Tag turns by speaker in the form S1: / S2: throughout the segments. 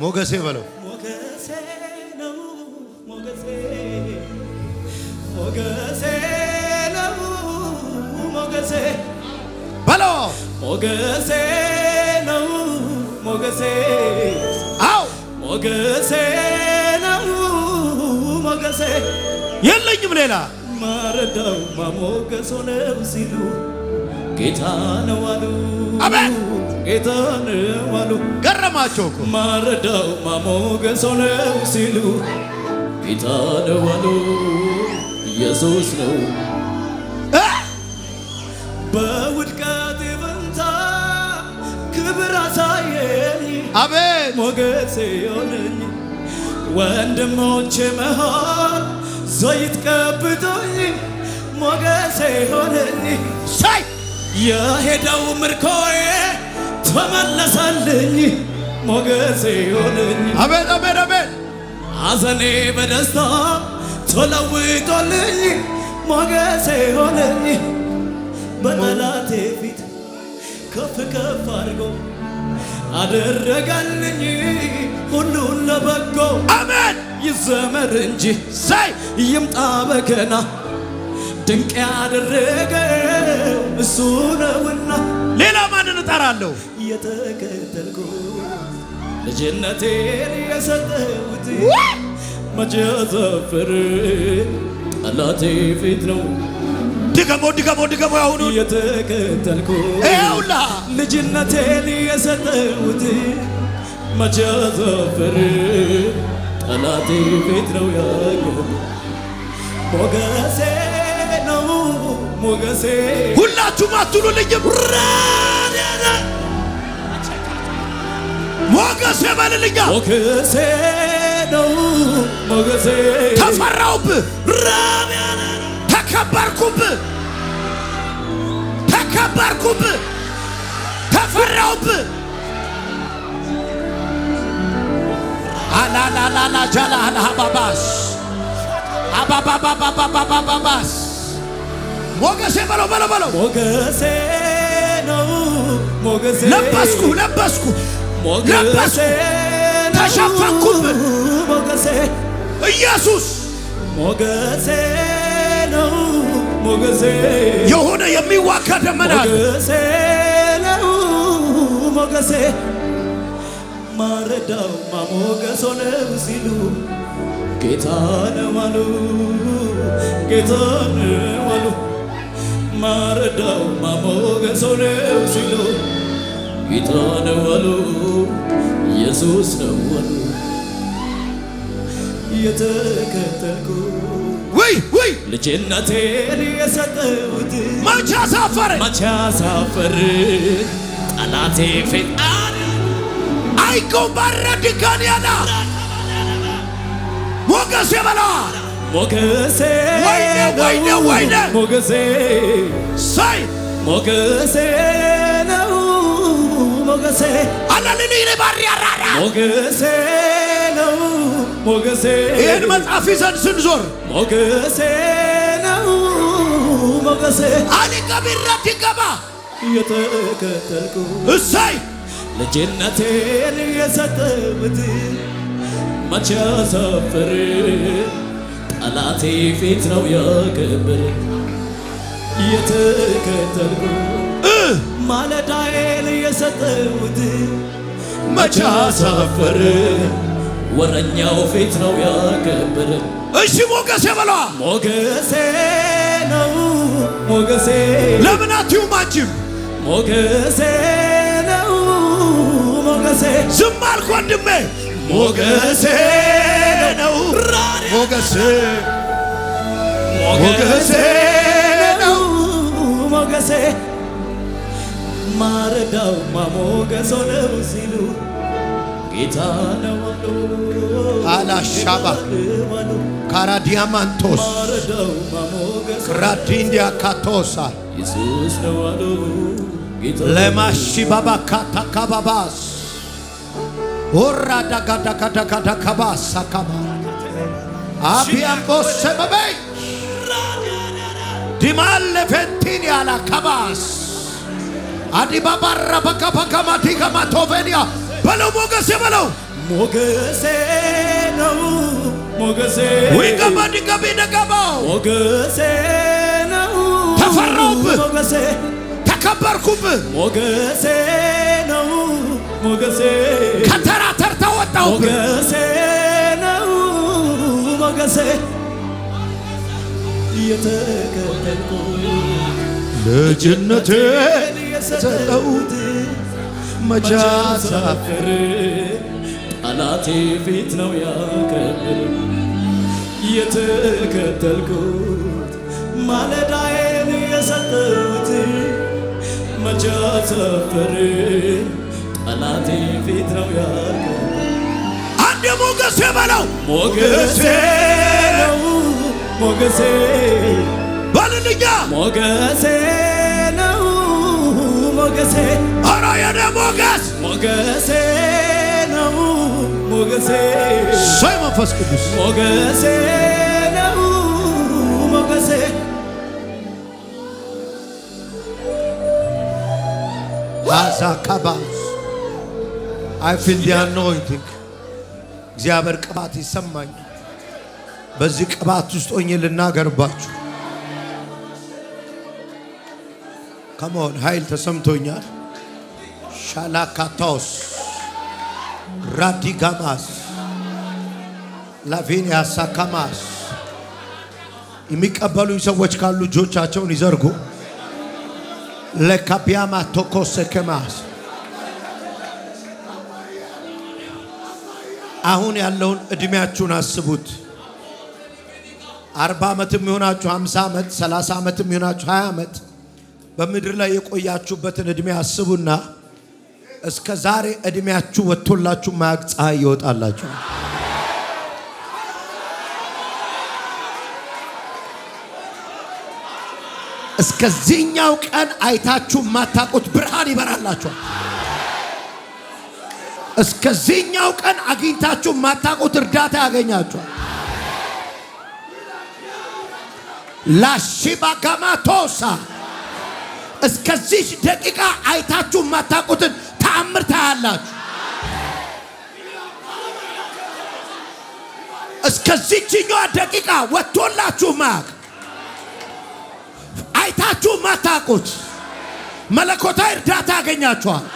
S1: ሞገሴ በለው
S2: ሞገሴ ነው ሞገሴ አው ሞገሴ ነው ሞገሴ
S1: የለኝም ሌላ
S2: ማረዳው ማሞገሶ ነው ሲሉ ጌታ ነው አሉ አሜን ጌታ ነው አሉ።
S1: ገረማቸው እኮ
S2: ማረዳው ማሞገስ ነው ሲሉ ጌታ ነው አሉ። ኢየሱስ ነው በውድቀት ፈንታ ክብር አሳየኝ። አቤት ሞገስ የሆነኝ ወንድሞቼ መሃል ዘይት ቀብቶኝ ሞገስ የሆነኝ ሳይ የሄደው ምርኮዬ ተመለሰልኝ ሞገሴ ሆነኝ።
S1: አቤት አቤት አቤት
S2: አዘኔ በደስታ ተለውጦልኝ ሞገሴ ሆነኝ። በጠላቴ ፊት ከፍ ከፍ አድርጎ አደረጋልኝ ሁሉን ለበጎ። አሜን ይዘመር እንጂ ሳይ ይምጣ በገና ድንቅ ያደረገው እሱ ነውና
S1: ሌላ ማንን እጠራለሁ?
S2: እየተከተልኩ ልጅነቴን የሰጠሁት መቼ ዘፍር ጠላቴ ፊት ነው።
S1: ድገሞ ድገሞ ድገሞ ያሁኑ
S2: እየተከተልኩ ውላ ልጅነቴን የሰጠሁት መቼ ዘፍር ጠላቴ ፊት ነው ያገ ሞገሴ ነው ሞገሴ
S1: ሁላችሁም አትሉልኝም በልልኛ
S2: ሞገሴ ነው ሞገሴ።
S1: ተፈራውብህ፣ ተከበርኩብህ፣ ተከበርኩብህ፣ ተፈራውብህ
S2: አላላላላ ጃላል አባባስ አባባባባባባባስ
S1: ሞገሴ በለው በለው በለው
S2: ሞገሴ ነው ሞገሴ
S1: ለበስኩ ለበስኩ ሞገሴ ተሸፈንኩብ ሞገሴ ኢየሱስ
S2: ሞገሴ ነው ሞገሴ
S1: የሆነ የሚዋጋ ደመና
S2: ሞገሴ ነው ሞገሴ ማረዳው ማሞገሶ ነው ሲሉ ጌታ ነው አሉ ጌታ ነው አሉ ማረዳው ማሞገሶ ነው ሲሉ ጌታ ነው አሉ ኢየሱስ ነው አሉ የተከተልኩ ወይ ወይ ልጅነቴን የሰጠሁት ጠላቴ ፌጣን
S1: አይኮ ያና ሞገስ የበላ
S2: ሞገሴ
S1: ወይኔ ወይኔ ወይኔ ሞገሴ ሳይ
S2: ሞገሴ ሞገሴ
S1: አለልኝ ባሪ ያራራ
S2: ሞገሴ ነው ሞገሴ
S1: ይህን መጽሐፍ ይዘን ስንዞር
S2: ሞገሴ ነው ሞገሴ
S1: አሊቀ ቢረት ይገባ
S2: እየተከተልኩ እሰይ ልጅነቴን የሰጠሁት መቼ አሳፈር ጠላቴ ፊት ነው ያከበር እየተከተልኩ ማለዳዬን የሰጠውት መቻ ሳፈር ወረኛው ፊት ነው ያከበረ።
S1: እሺ ሞገሴ በሏ
S2: ሞገሴ ነው ሞገሴ
S1: ለምን አትዩም አንቺም
S2: ሞገሴ ነው ሞገሴ
S1: ዝም አልኩ ወንድሜ
S2: ሞገሴ ነው ሞገሴ ሞገሴ ነው ሞገሴ ማረዳው ማሞገሶ ነው ሲሉ ጌታ ነው አሉ
S1: አላሻባ ካራዲያማንቶስ ክራዲንዲያ ካቶሳ ኢየሱስ ነው አሉ ለማሺባባ ካታካባባስ ወራ ካባ መበይ ዲማለ ፌንቲን ያላ አዲባባራ በካፓካማቲ ከማቶቬንያ በለው ሞገሴ በለው
S2: ሞገሴ ነው ሞገሴ
S1: ወይ ገባ ድገቢ
S2: ሞገሴ ነው
S1: ተፈራውብህ ሞገሴ ተከበርኩብህ
S2: ሞገሴ ነው ሞገሴ
S1: ከተራ ተርታ ወጣሁብህ
S2: ሞገሴ ነው ሞገሴ እየተከተልኩ ልጅነቴን የሰጠሁት መቻ ሳፍር ጠላቴ ፊት ነው ያከብር የተከተልኩት ማለዳዬን የሰጠሁት መቻ ጠላቴ ፊት ነው ያከብር
S1: አንድ ሞገሴ በለው
S2: ሞገሴ ነው ሞገሴ ዘምርልኛ ሞገሴ ነው ሞገሴ ሞገስ ሞገሴ ነው ሞገሴ
S1: ሰይ መንፈስ ቅዱስ
S2: ሞገሴ ነው ሞገሴ
S1: አይ ፊል ዲ አኖይንቲንግ እግዚአብሔር ቅባት ይሰማኛል። በዚህ ቅባት ውስጥ ሆኜ ልናገርባችሁ ከመሆን ኃይል ተሰምቶኛል። ሻላካታውስ ራዲጋማስ ላቬኒያ ሳካማስ የሚቀበሉኝ ሰዎች ካሉ እጆቻቸውን ይዘርጉ። ለካቢያማ ቶኮሰከማስ አሁን ያለውን እድሜያችሁን አስቡት። አርባ ዓመትም ይሆናችሁ፣ ሀምሳ ዓመት፣ ሰላሳ ዓመትም ይሆናችሁ፣ ሀያ ዓመት በምድር ላይ የቆያችሁበትን እድሜ አስቡና እስከ ዛሬ እድሜያችሁ ወጥቶላችሁ ማያቅ ፀሐይ ይወጣላችሁ። እስከዚህኛው ቀን አይታችሁ የማታውቁት ብርሃን ይበራላችኋል። እስከዚህኛው ቀን አግኝታችሁ የማታውቁት እርዳታ ያገኛችኋል። ጋማቶሳ እስከዚህ ደቂቃ አይታችሁ የማታውቁትን ተአምር ታያላችሁ። ደቂቃ ወጥቶላችሁ ማቅ አይታችሁ ማታቁት መለኮታዊ እርዳታ ያገኛችኋል።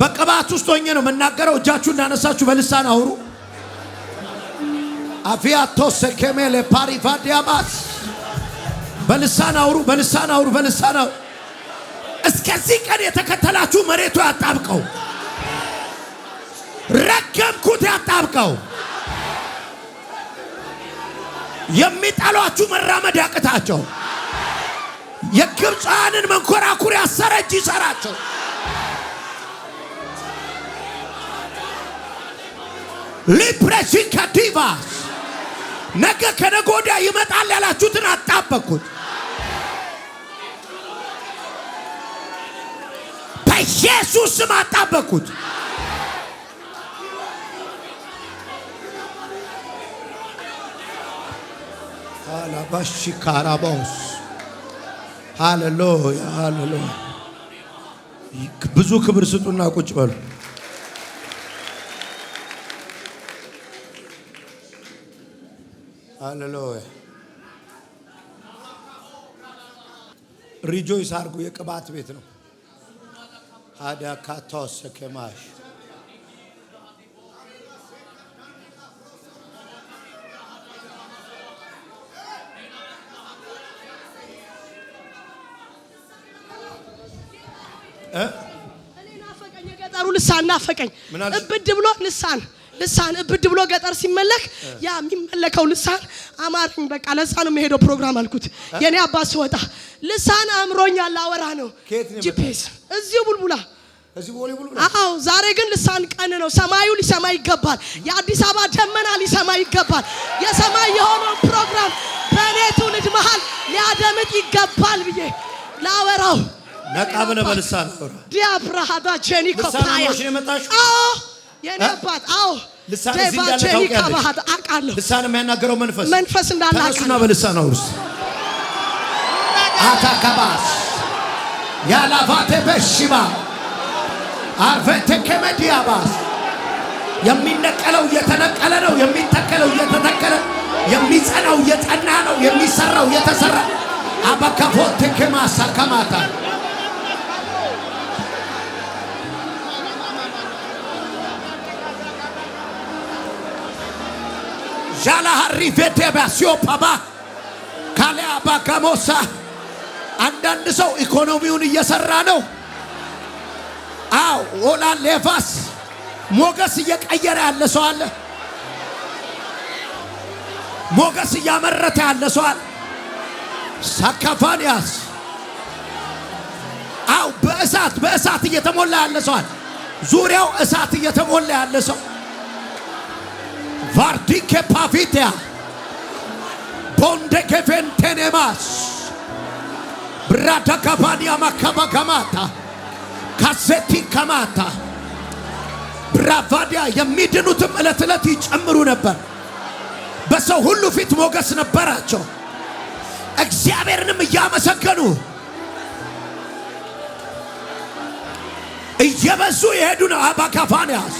S1: በቅባት ውስጥ ሆኜ ነው የምናገረው። እጃችሁ እንዳነሳችሁ በልሳን አውሩ። አቪያቶ ሰኬሜሌ ፓሪቫዲያባስ በልሳን አውሩ፣ በልሳን አውሩ፣ በልሳን አውሩ። እስከዚህ ቀን የተከተላችሁ መሬቱ ያጣብቀው፣ ረገምኩት ያጣብቀው። የሚጠሏችሁ መራመድ ያቅታቸው። የግብፃውያንን መንኮራኩር ያሰረ እጅ ይሰራቸው። ሊፕሬሽን ከዲቫስ ነገ ከነገ ወዲያ ይመጣል ያላችሁትን አጣበቅኩት። በኢየሱስ ስም አጣበቅኩት። አላባሺ ካራባውስ ሃሌሉያ ሃሌሉያ። ብዙ ክብር ስጡና ቁጭ በሉ። ሃሌሉያ ሪጆይስ አርጉ። የቅባት ቤት ነው። አዳካታወሰ ከማሽ
S3: ናፈቀኝ፣ የገጠሩ ልሳን ናፈቀኝ፣ እብድ ብሎ ልሳን ልሳን እብድ ብሎ ገጠር ሲመለክ ያ የሚመለከው ልሳን አማረኝ፣ በቃ ለዛ ነው የሄደው ፕሮግራም አልኩት። የኔ አባት ሲወጣ ልሳን አምሮኛል ላወራ ነው ጂፒኤስ እዚሁ ቡልቡላ አዎ ዛሬ ግን ልሳን ቀን ነው። ሰማዩ ሊሰማ ይገባል። የአዲስ አበባ ደመና ሊሰማ ይገባል። የሰማይ የሆነውን ፕሮግራም በእኔ ትውልድ መሃል ሊያደምጥ ይገባል ብዬ ላወራው
S1: ነቃ ብለህ በልሳን
S3: ዲያብራሃዳ ጄኒኮ የኔ አባት አዎ
S1: አውቃለሁ ልሳን የሚያናገረው መንፈስ መንፈስ እንዳለ ተነሱና በልሳን አውርስ። አታካባስ ያላፋቴ በሽባ ከመዲያባስ የሚነቀለው እየተነቀለ ነው። የሚተከለው እየተተከለ የሚጸናው እየጸና ነው። የሚሰራው እየተሰራ አባካፎቴ ከማሳ ከማታ ዣላሃሪቬቴባሲዮፓባ ካሊያባ ጋሞሳ አንዳንድ ሰው ኢኮኖሚውን እየሰራ ነው። አው ኦላ ሌቫስ ሞገስ እየቀየረ ያለ ሰው አለ። ሞገስ እያመረተ ያለ ሰው አለ። ሳካፋንያስ አው በእሳት በእሳት እየተሞላ ያለ ሰው አለ። ዙሪያው እሳት እየተሞላ ያለ ሰው ቫርዲኬ ፓቪቲያ ቦንደኬ ቬንቴኔማስ ብራዳካባዲያ ማካባ ከማታ ካሴቲ ከማታ ብራቫዲያ የሚድኑትም ዕለት ዕለት ይጨምሩ ነበር። በሰው ሁሉ ፊት ሞገስ ነበራቸው። እግዚአብሔርንም እያመሰገኑ እየበዙ የሄዱ ነው አባካፋንያስ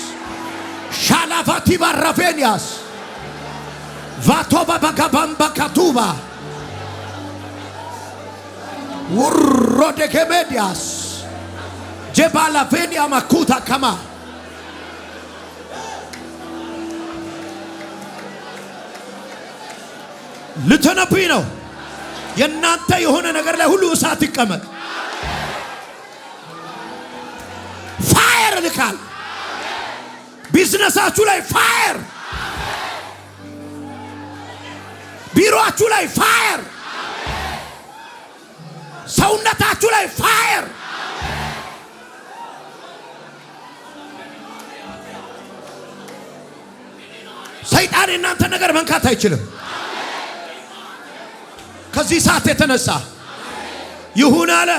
S1: ሻላፋቲባ ባራፌንያስ፣ ቫቶ በጋባምባ ካቱባ ውሮደገሜዲያስ ጀባላፌንያ ማኩታ ከማ ልትነብይ ነው። የእናንተ የሆነ ነገር ላይ ሁሉ እሳት ይቀመጥ። ፋየር ልካል ቢዝነሳችሁ ላይ ፋየር፣ ቢሮአችሁ ላይ ፋየር፣ ሰውነታችሁ ላይ ፋየር። ሰይጣን የእናንተ ነገር መንካት አይችልም። ከዚህ ሰዓት የተነሳ ይሁን አለ።